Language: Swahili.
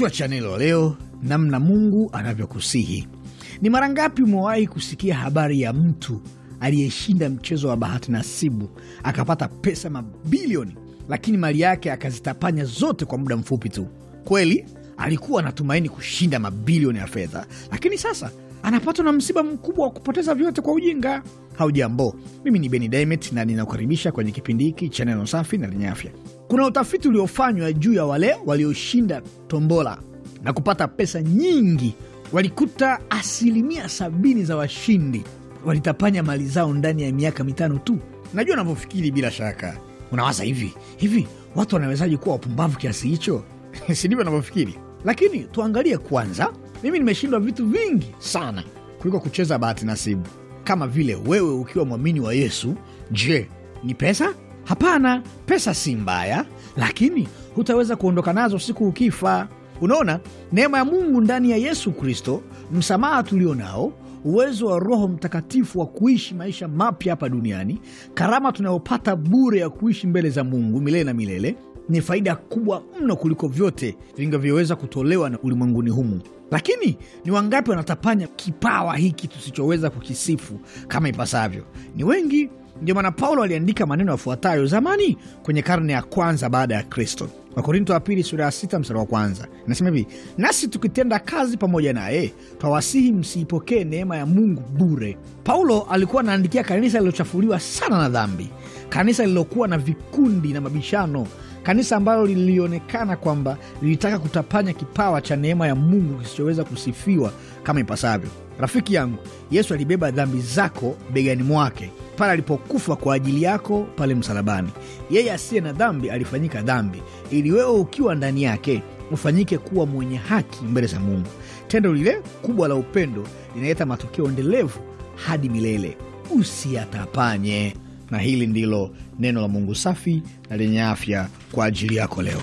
Kichwa cha neno leo, namna Mungu anavyokusihi. Ni mara ngapi umewahi kusikia habari ya mtu aliyeshinda mchezo wa bahati nasibu akapata pesa mabilioni, lakini mali yake akazitapanya zote kwa muda mfupi tu? Kweli alikuwa anatumaini kushinda mabilioni ya fedha, lakini sasa anapatwa na msiba mkubwa wa kupoteza vyote kwa ujinga. Haujambo, mimi ni Beni Dimet na ninakukaribisha kwenye kipindi hiki cha neno safi na lenye afya. Kuna utafiti uliofanywa juu ya wale walioshinda tombola na kupata pesa nyingi. Walikuta asilimia sabini za washindi walitapanya mali zao ndani ya miaka mitano tu. Najua unavyofikiri, bila shaka unawaza hivi hivi, watu wanawezaji kuwa wapumbavu kiasi hicho? Sindivyo anavyofikiri? Lakini tuangalie kwanza, mimi nimeshindwa vitu vingi sana kuliko kucheza bahati nasibu. Kama vile wewe ukiwa mwamini wa Yesu, je, ni pesa? Hapana, pesa si mbaya, lakini hutaweza kuondoka nazo siku ukifa. Unaona, neema ya Mungu ndani ya Yesu Kristo, msamaha tulio nao, uwezo wa Roho Mtakatifu wa kuishi maisha mapya hapa duniani, karama tunayopata bure ya kuishi mbele za Mungu milele na milele, ni faida kubwa mno kuliko vyote vingavyoweza kutolewa na ulimwenguni humu. Lakini ni wangapi wanatapanya kipawa hiki tusichoweza kukisifu kama ipasavyo? Ni wengi. Ndio maana Paulo aliandika maneno yafuatayo zamani kwenye karne ya kwanza baada ya Kristo: Wakorinto wa pili sura ya sita mstari wa kwanza inasema hivi: nasi tukitenda kazi pamoja naye twawasihi msiipokee neema ya Mungu bure. Paulo alikuwa anaandikia kanisa lililochafuliwa sana na dhambi, kanisa lililokuwa na vikundi na mabishano, kanisa ambalo lilionekana kwamba lilitaka kutapanya kipawa cha neema ya Mungu kisichoweza kusifiwa kama ipasavyo. Rafiki yangu, Yesu alibeba dhambi zako begani mwake pale alipokufa kwa ajili yako pale msalabani. Yeye asiye na dhambi alifanyika dhambi, ili wewe ukiwa ndani yake ufanyike kuwa mwenye haki mbele za Mungu. Tendo lile kubwa la upendo linaleta matokeo endelevu hadi milele. Usiyatapanye. Na hili ndilo neno la Mungu safi na lenye afya kwa ajili yako leo.